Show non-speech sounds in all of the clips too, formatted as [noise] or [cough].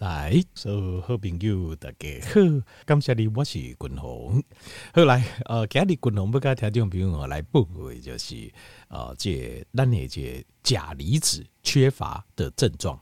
來，所有、so, 好朋友，大家好，感謝你，我是君紅。後來，呃，今日君紅要甲聽眾朋友來報告，就是呃，這咱個的這鉀離子缺乏的症狀。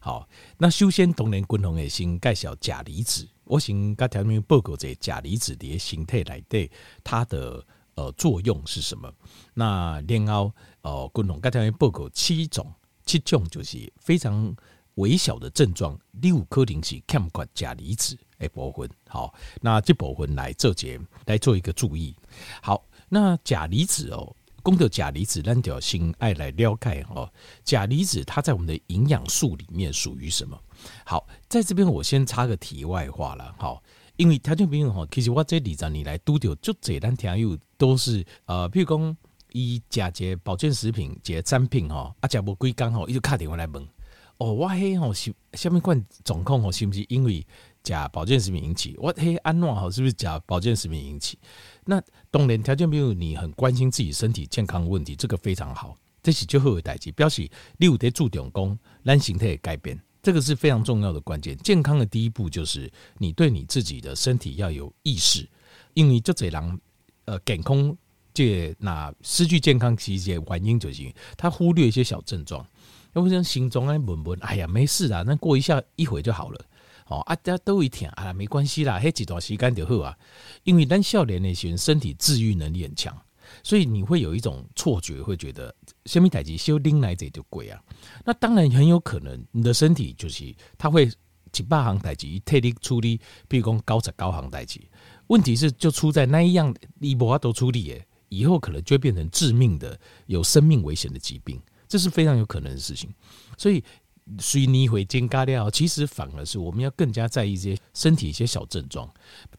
好，那首先，當然君紅會先介紹鉀離子，我先甲聽眾朋友報告一下鉀離子的形態內底，它的呃作用是什麼。那然後呃，君紅甲聽眾朋友報告七種，七種就是非常微小的症狀。你有可能是欠缺鉀離子誒，部分好，那這部分來這節，來做一個注意好。那鉀離子哦，講到鉀離子咱就先愛來了解哦。鉀離子它在我們的營養素裡面屬於什麼？好，在這邊我先插個題外話了，好，因為聽眾朋友其實我這二十年來讀到，就這單聽有都是呃，譬如講伊食一個保健食品、一個產品哦，啊，食無幾天哦，伊就打電話來問。哦，我黑哦，是下面管總控哦，是不是因為假，保健食品引起？我黑安諾哦，是不是假，保健食品引起？那當然，條件比如你很關心自己身體健康問題，這個非常好，這是最好的代誌。表示你有在做電工，咱形態改變，這個是非常重要的關鍵。健康的第一步就是你對你自己的身體要有意識，因為這只人，呃，健康界那失去健康其實也原因就行，他忽略一些小症狀。要不講心中按呢悶悶，哎呀，沒事啦，那過一下，一會就好了。哦、啊，大家都一聽，啊，沒關係啦，歇一段時間就好啊。因為咱少年的時身體治癒能力很強，所以你會有一種錯覺，會覺得啥物代誌小忍一下就過啊。那當然很有可能，你的身體就是它會一百項代誌替你處理，比如講九十九項代誌。問題是就出在那一樣伊無法度處理哎，以後可能就會變成致命的、有生命危險的疾病。這是非常有可能的事情，所以水泥你會肩嘎掉，其實反而是我們要更加在意這些身體一些小症狀，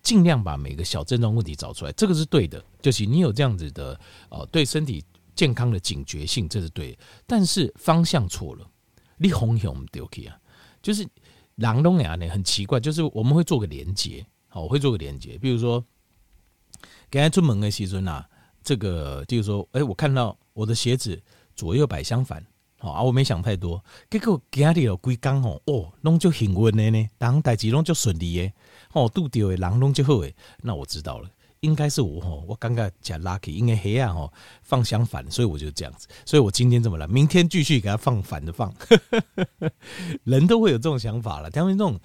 盡量把每個小症狀問題找出來，這個是對的，就是你有這樣子的哦，對身體健康的警覺性，這是對的，但是方向錯了，你方向不對啊，就是狼東呀呢很奇怪，就是我們會做個連接，好，我會做個連接，比如說剛才出門的先生啊，這個就是說，哎，我看到我的鞋子。左右擺相反，好啊！我沒想太多，結果家裡有鬼剛哦，哦，攏就平穩的呢，當大家攏就順利的，哦，度掉的，攏就好耶，那我知道了，應該是我哦，我剛剛講 lucky，應該黑暗哦，放相反，所以我就這樣子，所以我今天怎麼了？明天繼續給他放反的放， [laughs] 人都會有這種想法了，他們這種。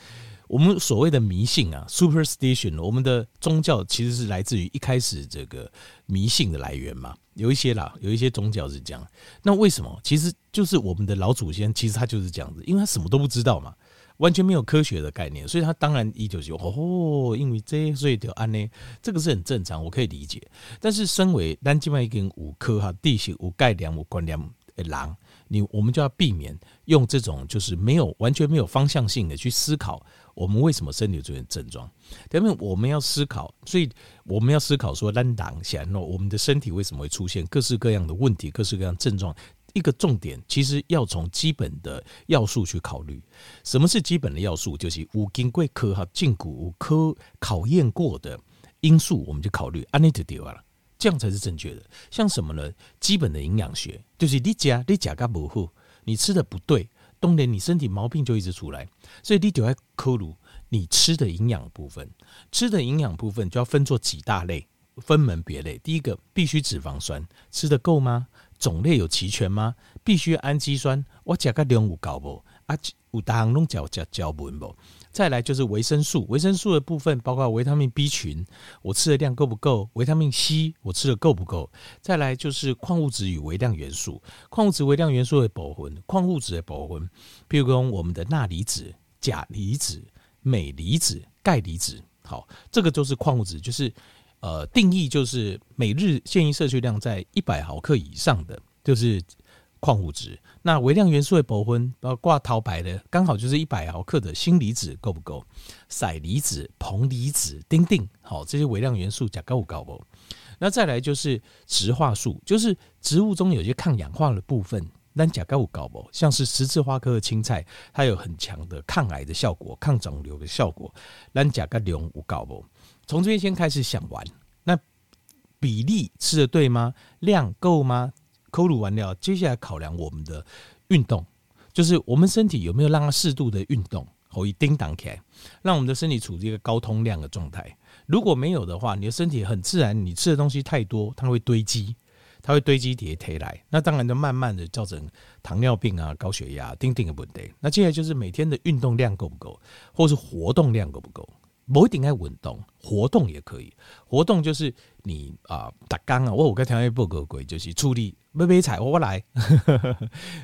我們所謂的迷信啊，superstition，我們的宗教其實是來自於一開始這個迷信的來源嘛。有一些啦，有一些宗教是這樣。那為什麼？其實就是我們的老祖先，其實他就是這樣子，因為他什麼都不知道嘛，完全沒有科學的概念，所以他當然一九九哦，因為這所以就安呢，這個是很正常，我可以理解。但是身為單機麥根有科學哈地形有概念有觀念的狼，你我們就要避免用這種就是沒有完全沒有方向性的去思考。我們為什麼身體出現症狀？因為我們要思考，所以我們要思考說，難道顯我們的身體為什麼會出現各式各樣的問題、各式各樣的症狀？一個重點，其實要從基本的要素去考慮。什麼是基本的要素？就是五經科學、桂科哈、脛骨科考驗過的因素，我們考、啊、就考慮。安內就對啦，這樣才是正確的。像什麼呢？基本的營養學，就是你家你家干部你吃的不,不對。冬天你身體毛病就一直出來，所以你就要考慮你吃的營養部分，吃的營養部分就要分作幾大類，分門別類。第一個必須脂肪酸，吃的夠嗎？種類有齊全嗎？必須氨基酸，我吃的量有夠不？啊，有臟攏叫腳腳補唔，再來就是維生素，維生素的部分包括維他命 B 群，我吃的量夠不夠？維他命 C 我吃的夠不夠？再來就是礦物質與微量元素，礦物質、微量元素的保魂，礦物質的保魂。譬如說我們的鈉離子、鉀離子、鎂離子、鈣離子，好，這個就是礦物質，就是呃定義就是每日建議攝取量在一百毫克以上的，就是。礦物質，那微量元素的部分包括掛頭牌的，剛好就是一百毫克的鋅離子夠不夠？硒離子、硼離子、子、丁定，好，這些微量元素甲夠夠不？那再來就是植化素，就是植物中有些抗氧化的部分，咱甲夠夠不？像是十字花科的青菜，它有很強的抗癌的效果、抗腫瘤的效果，那甲夠量無夠不？從這邊先開始想完，那比例吃的對嗎？量夠嗎？考慮完了，接下來考量我們的運動，就是我們身體有沒有讓它適度的運動，可以叮當起來，讓我們的身體處於一個高通量的狀態。如果沒有的話，你的身體很自然，你吃的東西太多，它會堆積，它會堆積疊堆來，那當然就慢慢的造成糖尿病啊、高血壓、啊、叮叮的問題。那接下來就是每天的運動量夠不夠，或是活動量夠不夠？不一定愛運動，活動也可以，活動就是你啊打鋼啊，我我跟條友不夠鬼就是處理。要買菜我來，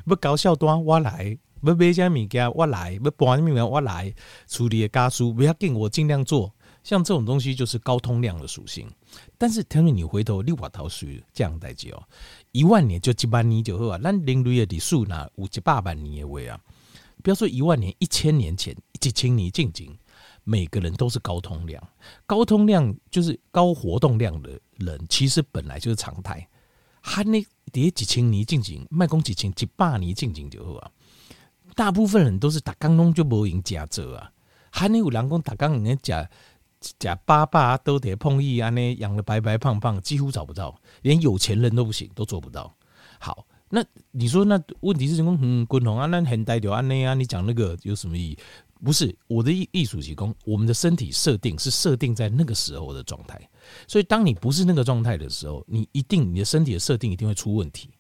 要搞笑段我來，要買啥物件我來，要搬啥物件我來，處理的家事不要緊，我盡量做。像這種東西就是高通量的屬性。但是聽你回頭六百套書，這樣代志哦，一萬年就一萬年就好啊。咱人類的歷史呢，有一百萬年的話啊。不要說一萬年，一千年前，一千年近京，每個人都是高通量，高通量就是高活動量的人，其實本來就是常態。喊你跌一千，年進行，莫講一千，一百年進行就好啊。大部分人都是打工攏就無閒。食做啊。喊你有人講，打工人家食加八八都得碰一安尼養得白白胖胖，幾乎找不到，連有錢人都不行，都做不到。好，那你說那問題是什麼？嗯，共紅啊，那現代就安尼啊，你講那個有什麼意義？不是我的意思是說，我們的身體設定是設定在那個時候的狀態，所以當你不是那個狀態的時候，你一定你的身體的設定一定會出問題。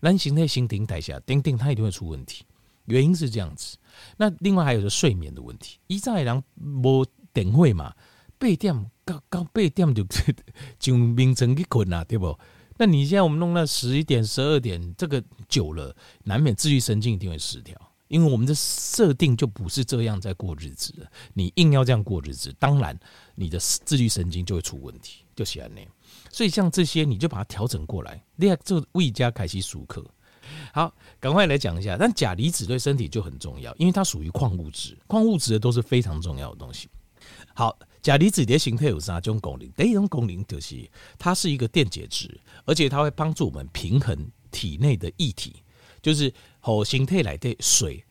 人行在形平台下，釘釘它一定會出問題，原因是這樣子。那另外還有個睡眠的問題，以前的人沒電火嘛，八點剛剛八點就就眠床去睏了，對不？那你現在我們弄到十一點、十二點，這個久了，難免自律神經一定會失調。因為我們的設定就不是這樣在過日子的，你硬要這樣過日子，當然你的自律神經就會出問題，就喜歡你。所以像這些，你就把它調整過來。另這就未加凱西舒克。好，趕快來講一下。但鉀離子對身體就很重要，因為它屬於礦物質，礦物質的都是非常重要的東西。好，鉀離子的形態有啥？三種功能，第一種功能就是它是一個電解質，而且它會幫助我們平衡體內的液體。就是好形態來的水，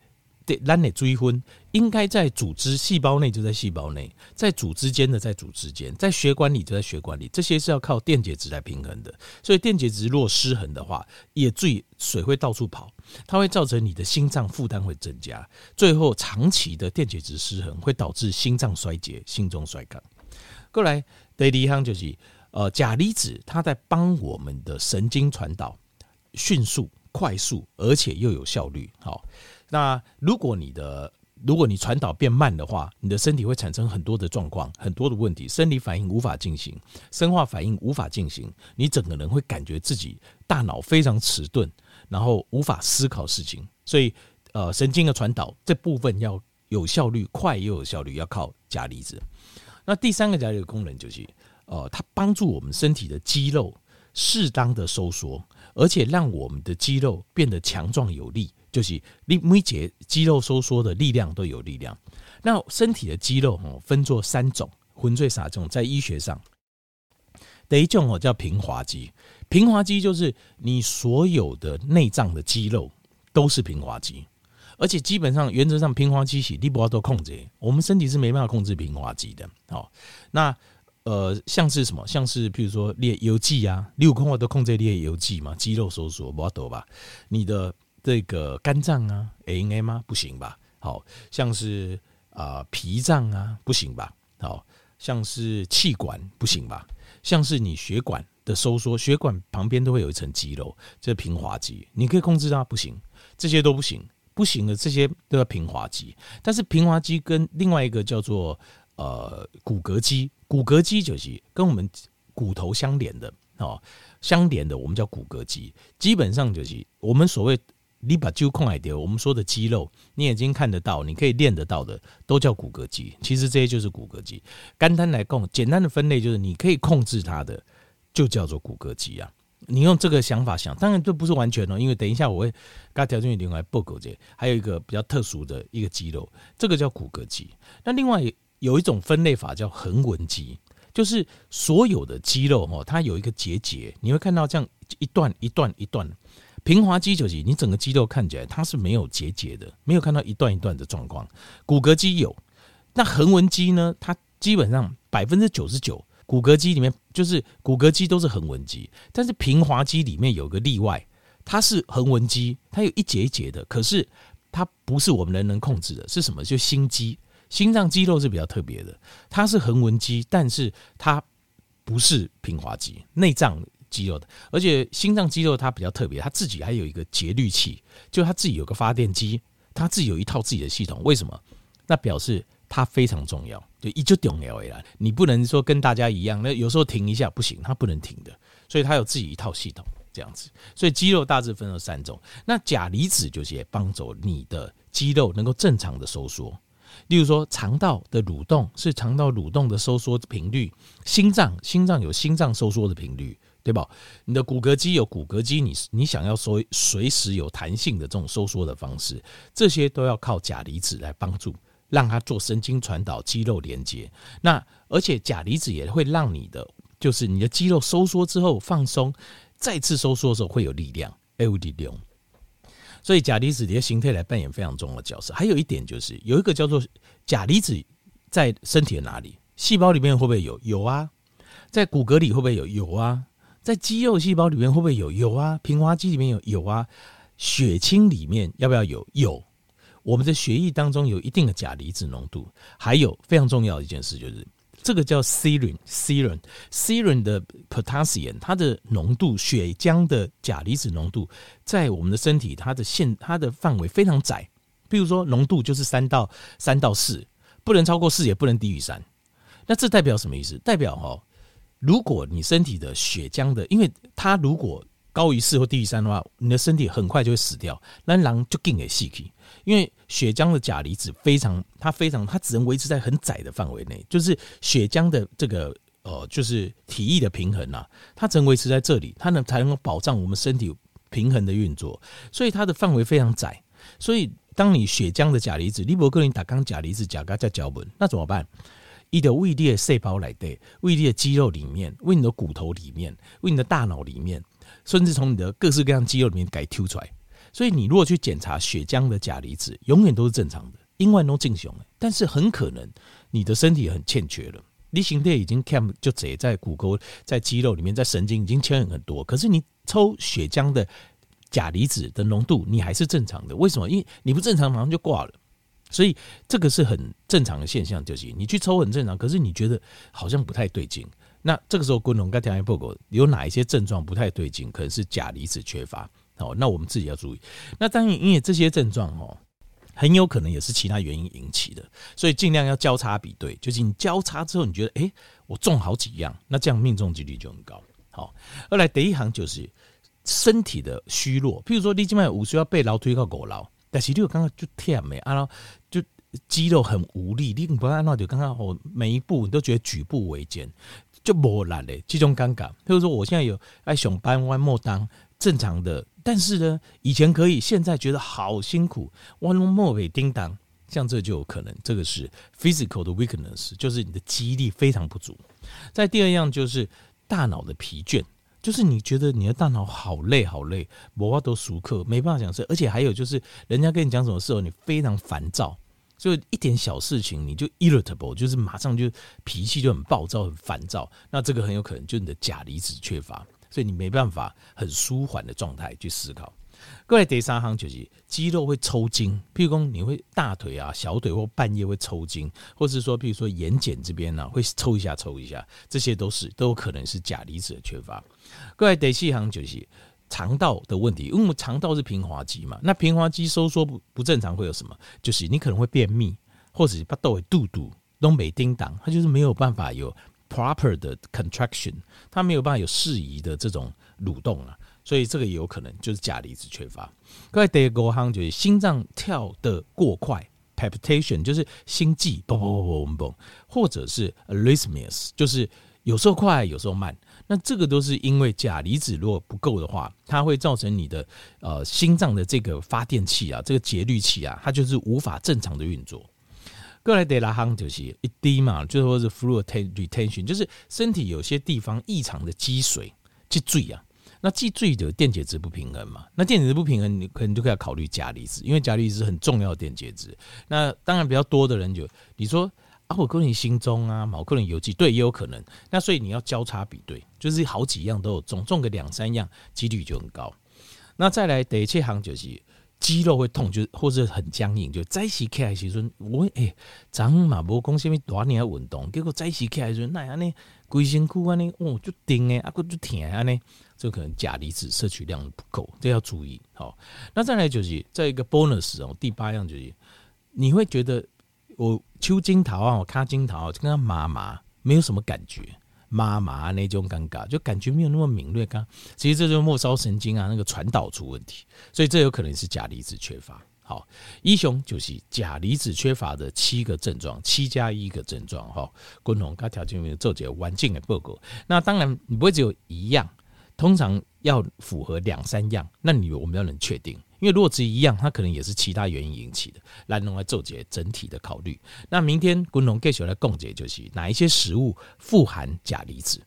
對，讓的追昏應該在組織細胞內就在細胞內，在組織間的在組織間，在血管裡就在血管裡，這些是要靠電解質來平衡的。所以電解質若失衡的話，也最水，水會到處跑，它會造成你的心臟負擔會增加，最後長期的電解質失衡會導致心臟衰竭、心中衰竭。過來第一項就是，呃，鉀離子它在幫我們的神經傳導迅速。快速而且又有效率。好，那如果你的，如果你傳導變慢的話，你的身體會產生很多的狀況，很多的問題，生理反應無法進行，生化反應無法進行，你整個人會感覺自己大腦非常遲鈍，然後無法思考事情。所以，呃，神經的傳導這部分要有效率，快又有效率，要靠鉀離子。那第三個鉀離子的功能就是，呃，它幫助我們身體的肌肉。適當的收縮，而且讓我們的肌肉變得強壯有力，就是你每節肌肉收縮的力量都有力量。那身體的肌肉分作三種，純粹啥種？在醫學上第一種哦叫平滑肌，平滑肌就是你所有的內臟的肌肉都是平滑肌，而且基本上原則上平滑肌是你不要都控制，我們身體是沒辦法控制平滑肌的。好，那。呃，像是什麼？像是譬如說，列遊記啊，你有空我都控制列遊記嘛，肌肉收縮不要抖吧。你的這個肝臟啊，A N A 嗎？不行吧。好像是啊，脾、呃、臟啊，不行吧。好像是氣管不行吧。像是你血管的收縮，血管旁邊都會有一層肌肉，這、就是、平滑肌，你可以控制它。不行。這些都不行，不行的這些都要平滑肌。但是平滑肌跟另外一個叫做。呃，骨骼肌，骨骼肌就是跟我們骨頭相連的哦，相連的我們叫骨骼肌。基本上就是我們所謂你把肌肉控來的，我們說的肌肉，你眼睛看得到，你可以練得到的，都叫骨骼肌。其實這些就是骨骼肌。簡單來講，簡單的分類就是你可以控制它的，就叫做骨骼肌啊。你用這個想法想，當然這不是完全哦，因為等一下我會剛調整另外 o k 這還有一個比較特殊的一個肌肉，這個叫骨骼肌。那另外。有一種分類法叫橫紋肌，就是所有的肌肉哈，它有一個結節，你會看到這樣一段一段一段。平滑肌就是你整個肌肉看起來它是沒有結節的，沒有看到一段一段的狀況。骨骼肌有，那橫紋肌呢？它基本上百分之九十九骨骼肌裡面就是骨骼肌都是橫紋肌，但是平滑肌裡面有個例外，它是橫紋肌，它有一節一節的，可是它不是我們人能控制的，是什麼？就心肌。心臟肌肉是比較特別的，它是橫紋肌，但是它不是平滑肌、內臟肌肉的。而且心臟肌肉它比較特別，它自己還有一個節律器，就它自己有個發電機，它自己有一套自己的系統。為什麼？那表示它非常重要，就一就懂來了。你不能說跟大家一樣，那有時候停一下不行，它不能停的，所以它有自己一套系統這樣子。所以肌肉大致分了三種，那鉀離子就是幫助你的肌肉能夠正常的收縮。例如說，腸道的蠕動是腸道蠕動的收縮頻率；心臟，心臟有心臟收縮的頻率，對吧？你的骨骼肌有骨骼肌，你你想要收，隨時有彈性的這種收縮的方式，這些都要靠鉀離子來幫助，讓它做神經傳導、肌肉連接。那而且鉀離子也會讓你的，就是你的肌肉收縮之後放鬆，再次收縮的時候會有力量，會有力所以鉀離子的形態來扮演非常重要的角色。還有一點就是，有一個叫做鉀離子在身體的哪裡？細胞裡面會不會有？有啊，在骨骼裡會不會有？有啊，在肌肉細胞裡面會不會有？有啊，平滑肌裡面有，有啊，血清裡面要不要有？有，我們的血液當中有一定的鉀離子濃度。還有非常重要的一件事就是。這個叫 serum，serum，serum 的 potassium，它的濃度，血漿的鉀離子濃度，在我們的身體，它的限，它的範圍非常窄。比如說，濃度就是三到三到四，不能超過四，也不能低於三。那這代表什麼意思？代表哦、喔，如果你身體的血漿的，因為它如果高於四或低於三的話，你的身體很快就會死掉。那狼就更給細，因為血漿的鉀離子非常，它非常，它只能維持在很窄的範圍內。就是血漿的這個呃、就是體液的平衡吶、啊，它只能維持在這裡，它呢才能夠保障我們身體平衡的運作。所以它的範圍非常窄。所以當你血漿的鉀離子利伯克林打鋼鉀離子鉀鈣在腳本，那怎麼辦？你的胃裡的細胞來的胃裡的肌肉裡面，為你的骨頭裡面，為你的大腦裡面。甚至從你的各式各樣肌肉裡面給抽出來，所以你如果去檢查血漿的鉀離子，永遠都是正常的，因為都進去了。但是很可能你的身體很欠缺了，離型液已經 cam 就只在骨骼、在肌肉裡面、在神經已經牽引很多。可是你抽血漿的鉀離子的濃度，你還是正常的。為什麼？因為你不正常馬上就掛了，所以這個是很正常的現象就是。你去抽很正常，可是你覺得好像不太對勁。那這個時候，骨痛剛才力不有哪一些症狀不太對勁？可能是鉀離子缺乏。好，那我們自己要注意。那當然，因為這些症狀哦，很有可能也是其他原因引起的，所以盡量要交叉比對。就是你交叉之後，你覺得，哎，我中好幾樣，那這樣命中幾率就很高。好，二來第一行就是身體的虛弱，譬如說你今天五十要背勞推到狗勞，但是你有剛剛就貼沒，然後就肌肉很無力，你不要按照就剛剛我每一步你都覺得舉步維艱。就磨難嘞，這種尷尬，譬如說我現在有愛上班彎莫當正常的，但是呢，以前可以，現在覺得好辛苦，彎龍莫尾叮當，像這就有可能，這個是 physical 的 weakness，就是你的肌力非常不足。再第二樣就是大腦的疲倦，就是你覺得你的大腦好累好累，我話都熟客，沒辦法講事，而且還有就是人家跟你講什麼時候你非常煩躁。就一點小事情你就 irritable，就是馬上就脾氣就很暴躁，很煩躁。那這個很有可能就你的鉀離子缺乏，所以你沒辦法很舒緩的狀態去思考。各位第三行就是肌肉會抽筋，譬如說你會大腿啊、小腿或半夜會抽筋，或是說譬如說眼瞼這邊呢、啊、會抽一下、抽一下，這些都是都有可能是鉀離子的缺乏。各位第四行就是。腸道的問題，因為我們腸道是平滑肌嘛，那平滑肌收縮不不正常會有什麼？就是你可能會便秘，或者是把豆胃堵肚東北叮當，它就是沒有辦法有 proper 的 contraction，它沒有辦法有適宜的這種蠕動了。所以這個也有可能就是鉀離子缺乏。各位第二個就是心臟跳得過快，palpitation，就是心悸，嘣嘣嘣嘣嘣，或者是 arrhythmias，就是有時候快，有時候慢。那這個都是因為鉀離子如果不夠的話，它會造成你的呃心臟的這個發電器啊，這個節律器啊，它就是無法正常的運作。格萊德拉亨就是一滴嘛，就是說是 fluid retention，就是身體有些地方異常的積水積醉啊。那積醉的電解質不平衡嘛，那電解質不平衡，你可能就可以考慮鉀離子，因為鉀離子是很重要的電解質。那當然比較多的人就你說。啊，有可能心中啊，嘛有可能有幾對，也有可能。那所以你要交叉比對，就是好幾樣都有中，中個兩三樣，幾率就很高。那再來第七項就是肌肉會痛，就或是或者很僵硬，就再起開時陣，我哎，咱馬波公先咪多年運動，結果再起開時陣，那安尼規身軀安尼，哦就頂誒，啊，個就疼誒，安尼，就可能鉀離子攝取量不夠，這要注意。好，那再來就是再一個 bonus 哦、喔，第八樣就是你會覺得。我揪金桃啊，我卡金桃就跟他麻麻沒有什麼感覺，麻麻那種感覺，就感覺沒有那麼敏銳。剛其實這就是末梢神經啊，那個傳導出問題，所以這有可能是鉀離子缺乏。好，一雄就是鉀離子缺乏的七個症狀，七加一個症狀哈。滾、哦、同跟條件沒有做個完整的報告。那當然你不會只有一樣。通常要符合兩三樣，那你我們要能確定，因為如果只一樣，它可能也是其他原因引起的，來用來總結整體的考慮。那明天滾龍給學來共解，就是哪一些食物富含鉀離子？